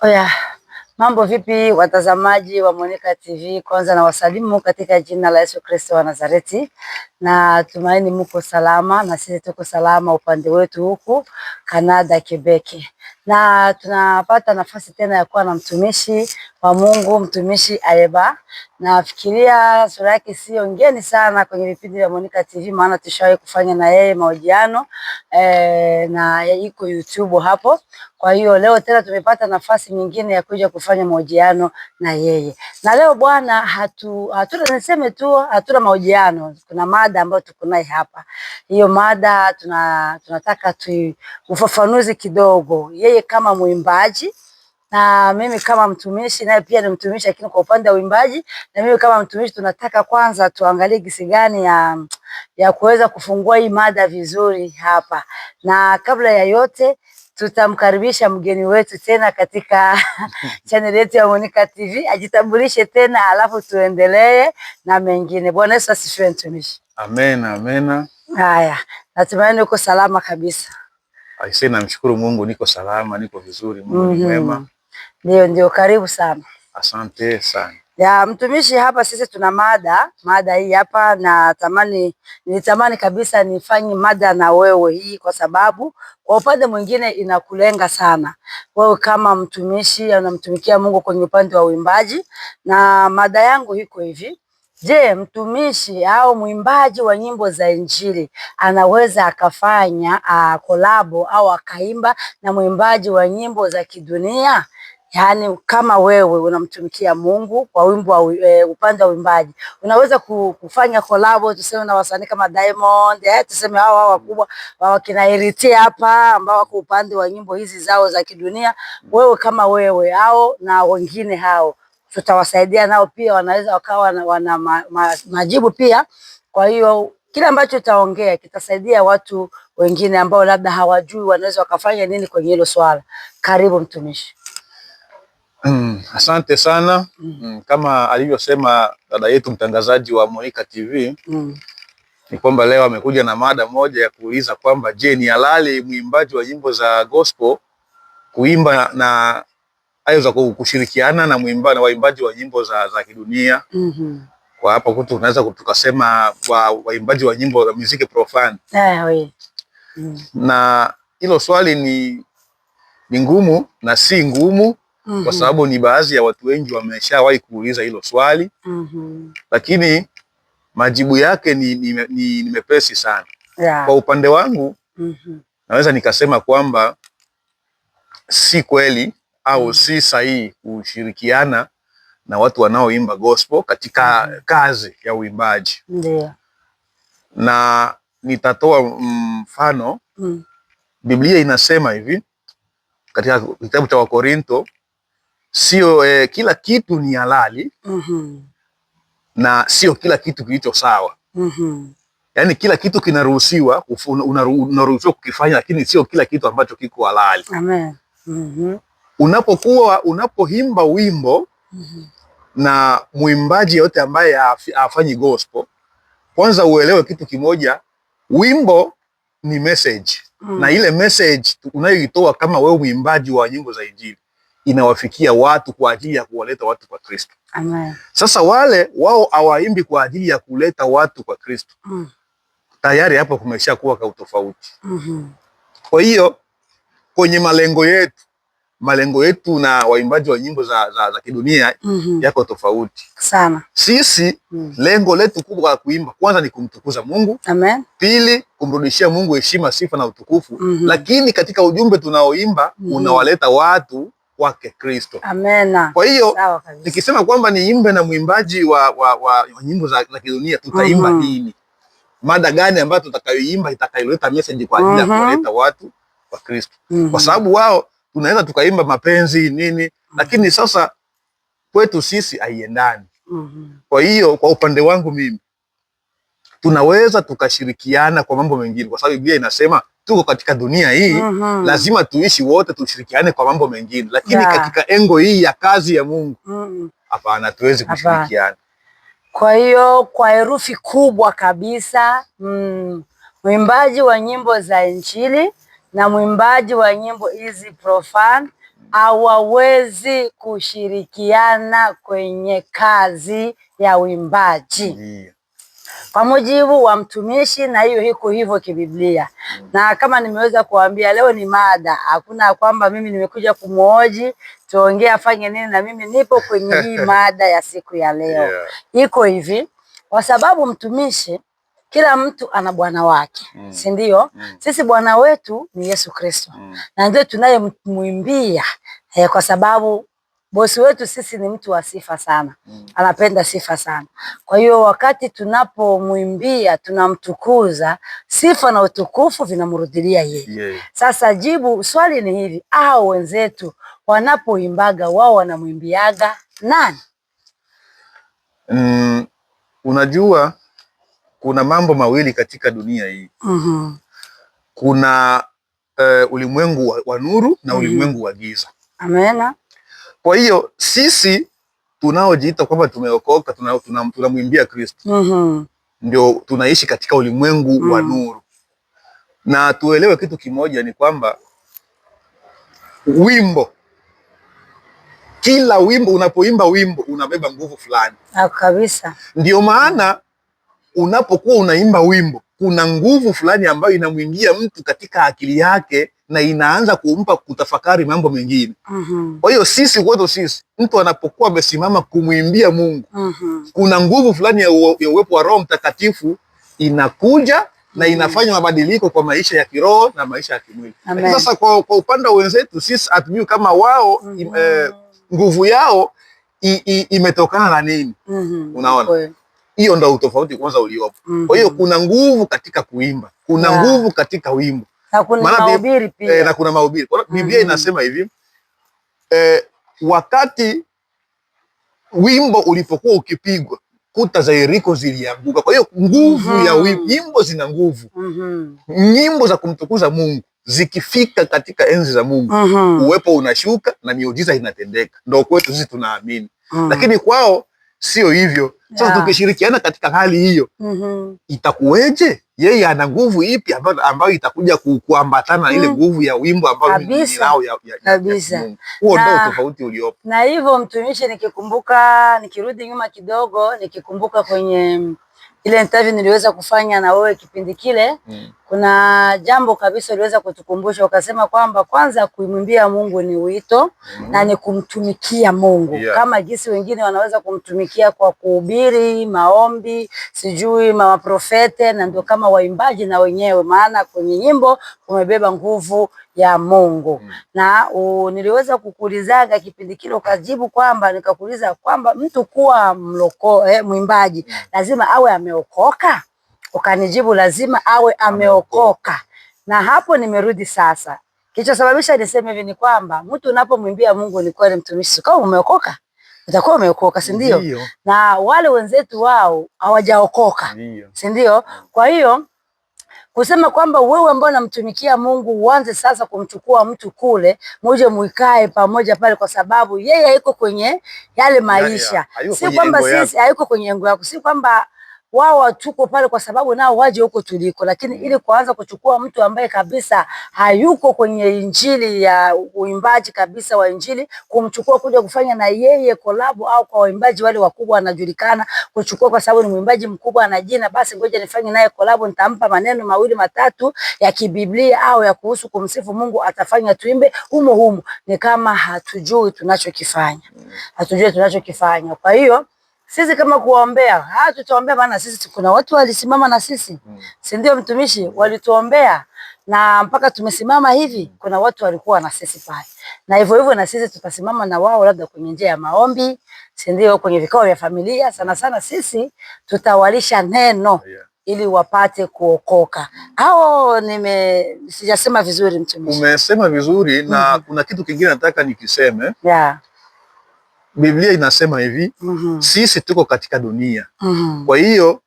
oya Mambo vipi watazamaji wa Monica TV, kwanza na wasalimu katika jina la Yesu Kristo wa Nazareti, na tumaini muko salama na sisi tuko salama upande wetu huku Kanada Kebeki na tunapata nafasi tena ya kuwa na mtumishi wa Mungu, mtumishi Ayeba. Nafikiria sura yake sio ngeni sana kwenye vipindi vya Monica TV, maana tushawahi kufanya na yeye mahojiano e, na iko YouTube hapo. Kwa hiyo leo tena tumepata nafasi nyingine ya kuja kufanya mahojiano na yeye, na leo bwana, hatu hatuna niseme tu hatuna mahojiano, kuna mada ambayo tuko naye hapa. Hiyo mada tuna, tunataka tu ufafanuzi kidogo yeye kama mwimbaji na mimi kama mtumishi, naye pia ni mtumishi, lakini kwa upande wa uimbaji na mimi kama mtumishi, tunataka kwanza tuangalie gisi gani ya, ya kuweza kufungua hii mada vizuri hapa, na kabla ya yote tutamkaribisha mgeni wetu tena katika channel yetu ya Monica TV ajitambulishe tena, alafu tuendelee na mengine. Bwana Yesu asifiwe, mtumishi. Amen, amen. Haya, natumaini uko salama kabisa. Aisee, namshukuru Mungu niko salama, niko vizuri, Mungu ni mhm. mwema. Ndio, ndio, karibu sana. Asante sana. Ya mtumishi, hapa sisi tuna mada, mada hii hapa na tamani, nilitamani kabisa nifanye mada na wewe hii, kwa sababu kwa upande mwingine inakulenga sana wewe kama mtumishi, anamtumikia Mungu kwenye upande wa uimbaji, na mada yangu iko hivi Je, mtumishi au mwimbaji wa nyimbo za injili anaweza akafanya kolabo au akaimba na mwimbaji wa nyimbo za kidunia? Yaani, kama wewe unamtumikia Mungu kwa wimbo wa e, upande wa uimbaji, unaweza kufanya kolabo, tuseme na wasanii kama Diamond eh, tuseme hao hao wakubwa wakina Iriti hapa ambao wako upande wa nyimbo hizi zao za kidunia, wewe kama wewe, hao na wengine hao tutawasaidia nao pia, wanaweza wakawa na, wana ma, ma, majibu pia. Kwa hiyo kile ambacho itaongea kitasaidia watu wengine ambao labda hawajui wanaweza wakafanya nini kwenye hilo swala. Karibu mtumishi. Mm, asante sana mm. Mm, kama alivyosema dada yetu mtangazaji wa Monica TV mm, ni kwamba leo amekuja na mada moja ya kuuliza kwamba je, ni halali mwimbaji wa nyimbo za gospel kuimba na hayo za kushirikiana na mwimba na waimbaji wa nyimbo za, za kidunia mm -hmm. Kwa hapa kwetu unaweza tukasema wa, waimbaji wa nyimbo za muziki profani yeah, mm. na hilo swali ni, ni ngumu na si ngumu mm -hmm. kwa mm-hmm. sababu ni baadhi ya watu wengi wameshawahi kuuliza hilo swali mm -hmm. lakini majibu yake ni, ni, ni, ni mepesi sana yeah. Kwa upande wangu mm -hmm. naweza nikasema kwamba si kweli au mm. si sahihi kushirikiana na watu wanaoimba gospel katika mm kazi ya uimbaji na nitatoa mfano mm. Biblia inasema hivi katika kitabu cha Wakorinto, sio eh, kila kitu ni halali mm -hmm. na sio kila kitu kilicho sawa mm -hmm. Yaani kila kitu kinaruhusiwa, unaruhusiwa kukifanya, lakini sio kila kitu ambacho kiko halali. Amen. Mm -hmm unapokuwa unapoimba wimbo mm -hmm. na mwimbaji yote ambaye afanyi gospel, kwanza uelewe kitu kimoja, wimbo ni message mm. na ile message unayoitoa kama wewe mwimbaji wa nyimbo za Injili inawafikia watu kwa ajili ya kuwaleta watu kwa Kristo. Amen. Sasa wale wao awaimbi kwa ajili ya kuleta watu kwa Kristo mm. tayari hapo kumesha kuwa kautofauti mm -hmm. kwa hiyo kwenye malengo yetu malengo yetu na waimbaji wa nyimbo za, za, za kidunia mm -hmm. yako tofauti sana. Sisi mm. lengo letu kubwa la kuimba kwanza ni kumtukuza Mungu. Amen. Pili, kumrudishia Mungu heshima, sifa na utukufu mm -hmm. lakini katika ujumbe tunaoimba mm -hmm. unawaleta watu kwake Kristo. Amena. Kwa hiyo nikisema kwamba niimbe na mwimbaji wa, wa, wa nyimbo za, za kidunia tutaimba mm -hmm. nini? Mada gani ambayo tutakayoimba itakayoleta message kwa ajili mm -hmm. kuwaleta watu kwa Kristo mm -hmm. kwa sababu wao tunaweza tukaimba mapenzi nini, mm-hmm. lakini sasa kwetu sisi haiendani. Mm-hmm. Kwa hiyo kwa upande wangu mimi tunaweza tukashirikiana kwa mambo mengine, kwa sababu Biblia inasema tuko katika dunia hii mm -hmm. Lazima tuishi wote, tushirikiane kwa mambo mengine, lakini yeah. Katika engo hii ya kazi ya Mungu mm-hmm. hapana mm -hmm. Tuwezi kushirikiana. Kwa hiyo kwa herufi kubwa kabisa, mm, mwimbaji wa nyimbo za Injili na mwimbaji wa nyimbo hizi Profan hawawezi kushirikiana kwenye kazi ya uimbaji Kwa mujibu wa mtumishi, na hiyo iko hivyo kibiblia Na kama nimeweza kuambia leo ni mada, hakuna kwamba mimi nimekuja kumwoji tuongee afanye nini, na mimi nipo kwenye hii mada ya siku ya leo yeah. Iko hivi kwa sababu mtumishi kila mtu ana bwana wake mm. si ndio? mm. Sisi bwana wetu ni Yesu Kristo mm. na ndio tunayemwimbia eh, kwa sababu bosi wetu sisi ni mtu wa sifa sana mm. anapenda sifa sana. Kwa hiyo wakati tunapomwimbia tunamtukuza, sifa na utukufu vinamrudilia yeye yeah. Sasa jibu swali ni hivi, au wenzetu wanapoimbaga wao wanamwimbiaga nani? mm, unajua kuna mambo mawili katika dunia hii mm -hmm. kuna uh, ulimwengu wa, wa nuru na mm -hmm. ulimwengu wa giza. Amena. Kwa hiyo sisi tunaojiita kwamba tumeokoka tunamwimbia tuna, tuna Kristo mm -hmm. ndio tunaishi katika ulimwengu mm -hmm. wa mhm. nuru, na tuelewe kitu kimoja ni kwamba wimbo kila wimbo unapoimba wimbo unabeba nguvu fulani kabisa. Ndio maana unapokuwa unaimba wimbo, kuna nguvu fulani ambayo inamwingia mtu katika akili yake na inaanza kumpa kutafakari mambo mengine. mm -hmm. Kwa hiyo sisi kwetu sisi, mtu anapokuwa amesimama kumwimbia Mungu mm -hmm. kuna nguvu fulani ya, uwepo wa Roho Mtakatifu inakuja na mm. inafanya mabadiliko kwa maisha ya kiroho na maisha ya kimwili. Sasa kwa, kwa upande wa wenzetu sisi hatujui kama wao mm -hmm. im, mhm. eh, nguvu yao imetokana na nini? mm -hmm. Unaona? Hiyo ndo utofauti kwanza uliopo. mm -hmm. Kwa hiyo kuna nguvu katika kuimba, kuna yeah. nguvu katika wimbo na kuna mahubiri pia E, na kuna mahubiri Biblia mm -hmm. inasema hivi e, wakati wimbo ulipokuwa ukipigwa kuta za Yeriko zilianguka. Kwa hiyo nguvu mm -hmm. ya mhm. wimbo, nyimbo zina nguvu mm -hmm. nyimbo za kumtukuza Mungu zikifika katika enzi za Mungu mm -hmm. uwepo unashuka na miujiza inatendeka, ndo kwetu sisi tunaamini mm -hmm. lakini kwao sio hivyo sasa. Yeah. Tukishirikiana katika hali hiyo mm -hmm. Itakuweje? Yeye ana nguvu ipi ambayo, ambayo itakuja kuambatana mm. ile mm-hmm. nguvu ya wimbo ambao ninao ya, ya, kabisa. Huo ndio tofauti uliopo. Na hivyo mtumishi, nikikumbuka nikirudi nyuma kidogo, nikikumbuka kwenye mm, ile interview niliweza kufanya na wewe kipindi kile mm. Kuna jambo kabisa uliweza kutukumbusha ukasema kwamba kwanza kumwimbia Mungu ni wito mm -hmm. na ni kumtumikia Mungu yeah. kama jinsi wengine wanaweza kumtumikia kwa kuhubiri, maombi, sijui maprofete, na ndio kama waimbaji na wenyewe, maana kwenye nyimbo kumebeba nguvu ya Mungu mm -hmm. na u, niliweza kukuulizaga kipindi kile ukajibu kwamba nikakuuliza kwamba mtu kuwa mloko, eh, mwimbaji mm. lazima awe ameokoka Ukanijibu lazima awe ameokoka, na hapo nimerudi sasa. Kilichosababisha niseme hivi ni kwamba mtu unapomwimbia Mungu ni kweli, mtumishi, kama umeokoka utakuwa umeokoka, si ndio? Na wale wenzetu wao hawajaokoka, si ndio? Kwa hiyo kusema kwamba wewe ambao namtumikia Mungu uanze sasa kumchukua mtu kule, muje muikae pamoja pale, kwa sababu yeye hayuko kwenye yale maisha, si kwamba sisi, hayuko kwenye engo yako, si kwamba wao watuko pale kwa sababu nao waje huko tuliko, lakini mm. ili kuanza kuchukua mtu ambaye kabisa hayuko kwenye injili ya uimbaji kabisa wa injili, kumchukua kuja kufanya na yeye kolabo, au kwa waimbaji wale wakubwa anajulikana, kuchukua kwa sababu ni mwimbaji mkubwa ana jina, basi ngoja nifanye naye kolabo, nitampa maneno mawili matatu ya kibiblia au ya kuhusu kumsifu Mungu, atafanya tuimbe humo humo. Ni kama hatujui tunachokifanya, mm. hatujui tunachokifanya. Kwa hiyo sisi kama kuwaombea, haa, tutaombea maana sisi kuna watu walisimama na sisi mm. si ndio mtumishi, walituombea na mpaka tumesimama hivi, mm. kuna watu walikuwa na sisi pale, na hivyo hivyo na sisi tutasimama na wao, labda kwenye njia ya maombi, si ndio, kwenye vikao vya familia. Sana sana sisi tutawalisha neno yeah. ili wapate kuokoka mm. au nime sijasema vizuri mtumishi? Umesema vizuri na mm -hmm. kuna kitu kingine nataka nikiseme yeah. Biblia inasema hivi mm -hmm. Sisi tuko katika dunia mm -hmm. Kwa hiyo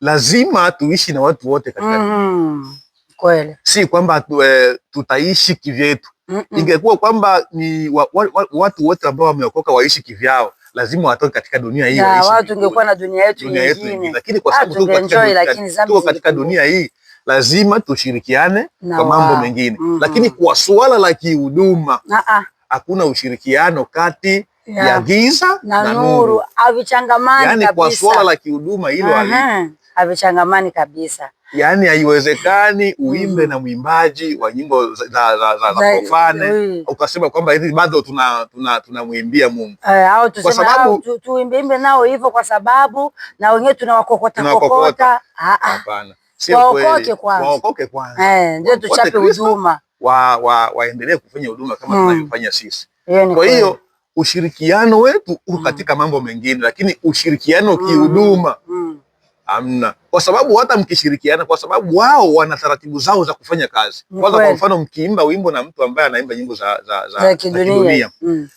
lazima tuishi na watu wote katika mm -hmm. Kweli. Si kwamba eh, tutaishi kivyetu mm -mm. Ingekuwa kwamba ni wa, wa, wa, watu wote ambao wameokoka waishi kivyao lazima watoke katika dunia hii, watu dunia lakini kwa ah, sababu tuko katika, tuko katika dunia hii lazima tushirikiane kwa mambo mengine mm -hmm. Lakini kwa suala la kihuduma ah, ah. hakuna ushirikiano kati ya, ya giza na, na nuru havichangamani kabisa. Yani kwa swala la kihuduma hilo havichangamani kabisa. yani haiwezekani uimbe mm. na mwimbaji wa nyimbo za, za, za, za, za profane ukasema kwamba hivi bado tunamwimbia tuna, tuna Mungu e, au tuseme kwa sababu... tu, tuimbeimbe nao hivyo kwa sababu na wenyewe tunawakokota kokota. Ah, ah. Hapana, sio kweli. Waokoke kwanza, waokoke kwanza eh, ndio tuchape huduma, wa, waendelee kufanya huduma kama hmm. tunavyofanya sisi. Kwa hiyo ushirikiano wetu uko mm. katika mambo mengine, lakini ushirikiano kihuduma mm. mm. amna, kwa sababu hata mkishirikiana, kwa sababu wao wana taratibu zao za kufanya kazi. Kwanza kwa mfano, mkiimba wimbo na mtu ambaye anaimba nyimbo za, za, za, za kidunia mm.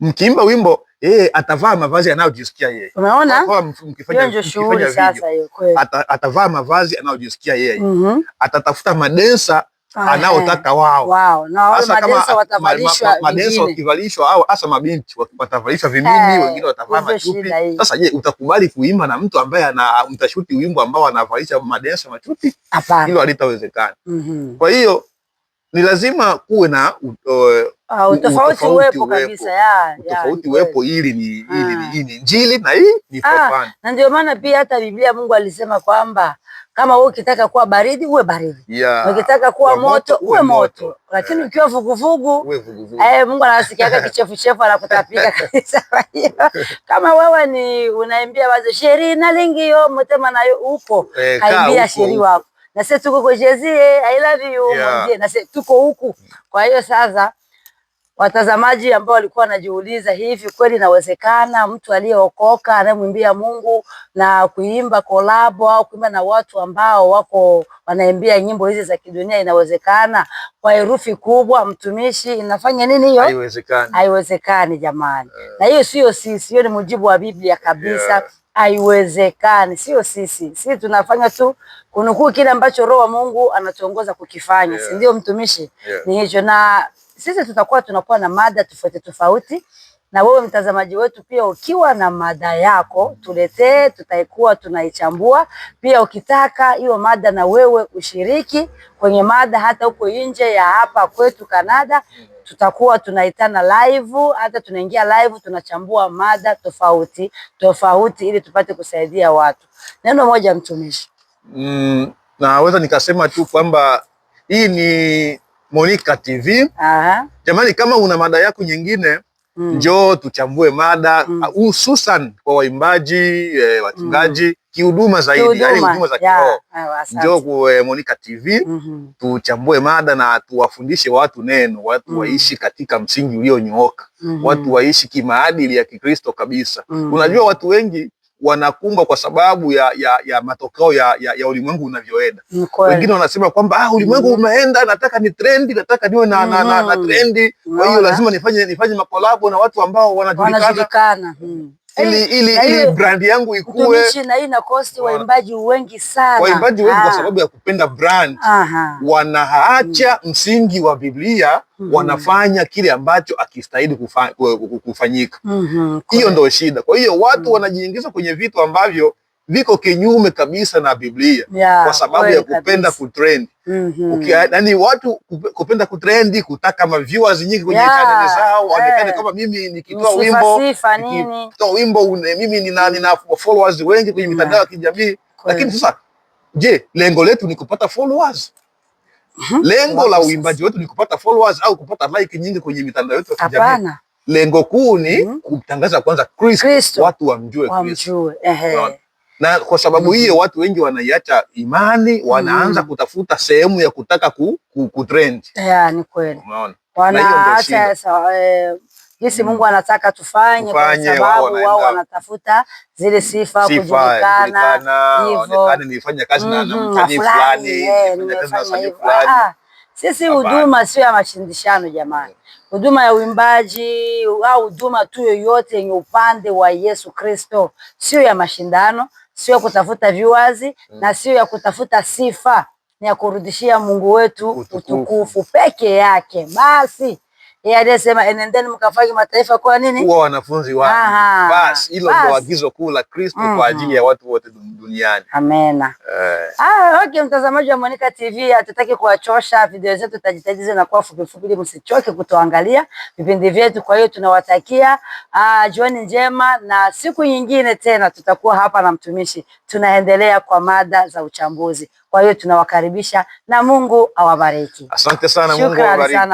mkiimba wimbo Hey, atavaa mavazi anayojisikia yeye. Unaona? Mkifanya shughuli sasa hiyo kweli. Atavaa mavazi anayojisikia yeye. Mm -hmm. Atatafuta madensa Ah, eh. anaotaka wao. Hasa kama madenso wakivalishwa au hasa mabinti watavalishwa vimini, eh, wengine watavaa machupi. Sasa je, utakubali kuimba na mtu ambaye ana mtashuti wimbo ambao anavalisha madensa machupi? Hilo halitawezekana. Mhm. Kwa hiyo ni lazima kuwe na ah, utofauti uwepo kabisa, utofauti uwepo, ili ni Injili ah. na hii ni Qur'an, na ndio maana pia hata Biblia Mungu alisema kwamba kama wewe ukitaka kuwa baridi uwe baridi, yeah. Ukitaka kuwa moto uwe moto, moto. Lakini ukiwa vuguvugu eh, Mungu anasikiaga kichefuchefu anakutapika kabisa. kama wewe ni unaimbia wazo sheri na lingi yo mtema nayo upo eh, kaimbia sheri wako na sisi tuko kwa Jezie eh, I love you yeah. Na sisi tuko huku, kwa hiyo sasa watazamaji ambao walikuwa wanajiuliza hivi kweli inawezekana mtu aliyeokoka anayemwimbia Mungu na kuimba kolabo au kuimba na watu ambao wako wanaimbia nyimbo hizi za kidunia inawezekana kwa herufi kubwa, mtumishi, inafanya nini hiyo? Haiwezekani, haiwezekani jamani. Uh, na hiyo sio sisi, hiyo ni mujibu wa Biblia kabisa. Haiwezekani, yeah. Sio sisi, sisi tunafanya tu kunukuu kile ambacho Roho wa Mungu anatuongoza kukifanya, yeah. si ndio mtumishi? yeah. ni hicho na sisi tutakuwa tunakuwa na mada tofauti tofauti, na wewe mtazamaji wetu pia ukiwa na mada yako tuletee, tutaikuwa tunaichambua. Pia ukitaka hiyo mada na wewe ushiriki kwenye mada, hata huko nje ya hapa kwetu Kanada, tutakuwa tunaitana live, hata tunaingia live, tunachambua mada tofauti tofauti ili tupate kusaidia watu. Neno moja mtumishi. Mm, naweza nikasema tu kwamba hii ni Monica TV. Aha. Jamani, kama una mada yako nyingine mm. njoo tuchambue mada mm. Ah, hususan mm. kwa waimbaji e, wachungaji mm. kihuduma zaidi, yani huduma za kiroho. Njoo kwa eh, Monica TV mm -hmm. tuchambue mada na tuwafundishe watu neno, watu mm. waishi katika msingi ulionyooka mm -hmm. watu waishi kimaadili ya Kikristo kabisa mm -hmm. unajua watu wengi wanakumbwa kwa sababu ya, ya, ya matokeo ya, ya, ya ulimwengu unavyoenda. Wengine wanasema kwamba ah, ulimwengu mm. umeenda, nataka ni trendi, nataka niwe na, mm. na, na, na mm. trendi, kwa hiyo lazima nifanye nifanye makolabo na watu ambao wanajulikana mm ili, eh, ili, ili brandi yangu ikue na hii na waimbaji wengi sana, waimbaji wengi kwa ah. sababu ya kupenda brand wanaacha mm. msingi wa Biblia mm-hmm. wanafanya kile ambacho akistahili kufa, kufanyika mm-hmm. hiyo hmm, ndio shida. Kwa hiyo watu hmm, wanajiingiza kwenye vitu ambavyo viko kinyume kabisa na Biblia yeah, kwa sababu ya kupenda kutrend mm -hmm. Yani watu kupenda kutrendi, kutaka ma viewers nyingi kwenye yeah, channel zao eh. waonekane hey, kama mimi nikitoa wimbo nikitoa wimbo une, mimi nina, mm. nina followers wengi kwenye mm. mitandao ya kijamii, lakini sasa je, lengo letu ni kupata followers? Mhm. Lengo la uimbaji wetu ni kupata followers au kupata like nyingi kwenye mitandao yetu ya kijamii? Lengo kuu ni mhm. kutangaza kwanza Kristo, watu wamjue Kristo na kwa sababu mm -hmm. hiyo watu wengi wanaiacha imani, wanaanza mm -hmm. kutafuta sehemu ya kutaka ku, ku, ku trend. Yeah, ni kweli. Unaona? Wanaacha eh, jinsi mhm. Mungu anataka tufanye, kwa sababu wao wanatafuta zile sifa, kujulikana, hivyo nifanye yaani kazi na mhm, mtaji fulani, eh, ah, ah, sisi huduma sio ya mashindishano jamani, mm. huduma ya uimbaji au huduma tu yoyote yenye upande wa Yesu Kristo sio ya mashindano sio kutafuta viwazi mm. na sio ya kutafuta sifa, ni ya kurudishia Mungu wetu utukufu, utukufu peke yake basi yeye aliyesema enendeni mkafanye mataifa kwa nini, kuwa wanafunzi wa Basi hilo ndio agizo kuu la Kristo mm -hmm. kwa ajili ya watu wote duniani. Amena. Eh. Ah, okay, mtazamaji wa Monica TV, hatutaki kuwachosha, video zetu tutajitahidi zinakuwa fupi fupi ili msichoke kutuangalia vipindi vyetu. Kwa hiyo tunawatakia ah, jioni njema na siku nyingine tena tutakuwa hapa na mtumishi, tunaendelea kwa mada za uchambuzi. Kwa hiyo tunawakaribisha na Mungu awabariki. Asante sana, Mungu awabariki.